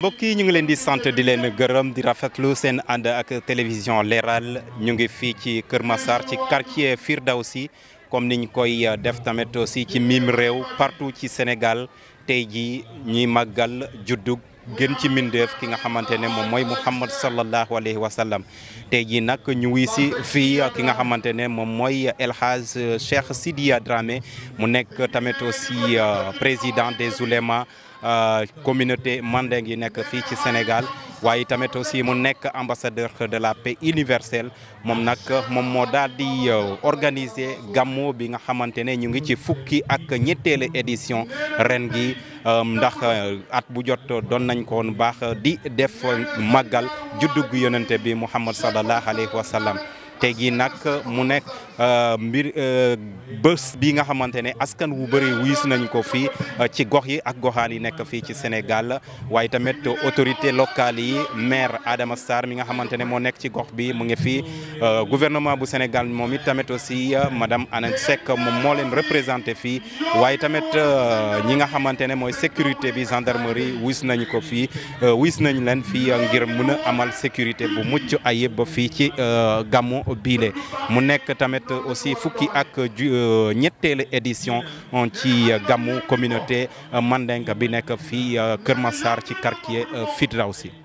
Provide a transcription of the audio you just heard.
mbokk yi ñu ngi leen di sant di leen gërëm di rafetlu seen ànd ak télévision Leral ñu ngi fii ci Kër Massar ci quartier si comme niñ koy euh, def tamit si ci mim réew partout ci Sénégal tey jii ñuy màggal juddug gën ci mbindeef ki nga xamante ne moom mooy Muhammad sallallahu alayhi wa sallam tey jii nag ñu wuy si fii ki nga xamante ne moom mooy El Hadj Cheikh Sidia Dramé mu nekk tamit aussi euh, président des oulémas euh, communauté mande ngi nekk fii ci Sénégal waaye tamit aussi mu nekk ambassadeur de la paix universelle moom nag moom moo daal di euh, organiser gàmmu bi nga xamante ne ñu ngi ci fukki ak ñetteelu édition ren gi euh, ndax euh, at bu jot doon nañ ko woon baax di def màggal juddug yonente bi Muhammad sallallahu alayhi wa sallam tey jii nag mu nekk euh, mbir euh, bés bi nga xamante ne askan wu bëri wiis nañ ko fii euh, ci gox yi ak goxaan yi nekk fii ci Sénégal waaye tamit autorité locale yi maire Adama Sarr mi nga xamante ne moo nekk ci gox bi mu ngi fii gouvernement bu Sénégal moom it tamit aussi madame Anne Seck moom moo leen représenté fii waaye tamit ñi nga xamante ne mooy sécurité bi gendarmerie wiis nañ ko fii wiis nañ leen fii ngir mën a amal sécurité bu mucc ayib ba fii ci gàmmu biile mu nekk tamit aussi fukki ak euh, ñetteelu édition euh, ci gàmmu communauté euh, mandinka bi nekk fii Kër Massar ci quartier Firdawsi